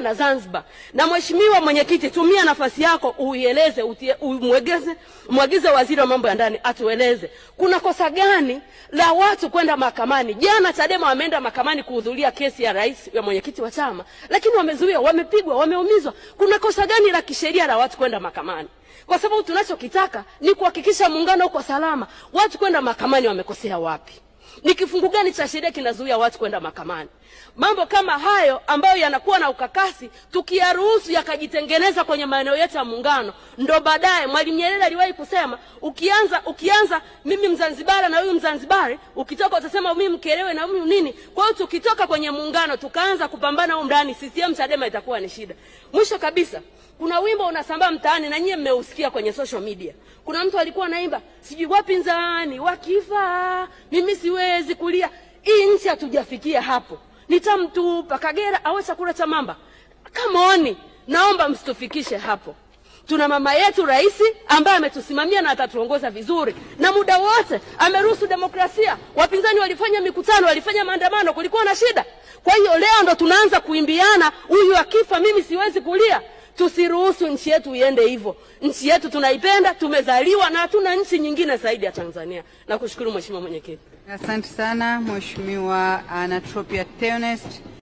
na Zanzibar. Na mheshimiwa mwenyekiti, tumia nafasi yako uieleze, umwegeze, mwagize waziri wa mambo ya ndani atueleze kuna kosa gani la watu kwenda mahakamani. Jana Chadema wameenda mahakamani kuhudhuria kesi ya rais ya mwenyekiti wa chama, lakini wamezuia wamepigwa, wameumizwa. Kuna kosa gani la kisheria la watu kwenda mahakamani? Kwa sababu tunachokitaka ni kuhakikisha muungano uko salama. Watu kwenda mahakamani wamekosea wapi? Ni kifungu gani cha sheria kinazuia watu kwenda mahakamani? Mambo kama hayo ambayo yanakuwa na ukakasi, tukiyaruhusu yakajitengeneza kwenye maeneo yetu ya Muungano, ndo baadaye Mwalimu Nyerere aliwahi kusema, ukianza ukianza mimi Mzanzibari na huyu Mzanzibari, ukitoka utasema mimi Mkelewe na huyu nini. Kwa hiyo tukitoka kwenye Muungano tukaanza kupambana huko ndani, CCM Chadema itakuwa ni shida. Mwisho kabisa, kuna wimbo unasambaa mtaani na nyie mmeusikia kwenye social media. Kuna mtu alikuwa anaimba sijui wapinzani wakifa mimi si hatuwezi kulia. Hii nchi hatujafikia hapo. Nitamtupa Kagera awe chakula cha mamba? Come on, naomba msitufikishe hapo. Tuna mama yetu rais ambaye ametusimamia na atatuongoza vizuri, na muda wote ameruhusu demokrasia. Wapinzani walifanya mikutano, walifanya maandamano, kulikuwa na shida. Kwa hiyo leo ndo tunaanza kuimbiana, huyu akifa mimi siwezi kulia. Tusiruhusu nchi yetu iende hivyo. Nchi yetu tunaipenda, tumezaliwa na hatuna nchi nyingine zaidi ya Tanzania. Nakushukuru Mheshimiwa Mwenyekiti. Asante sana Mheshimiwa Anatropia Theonest.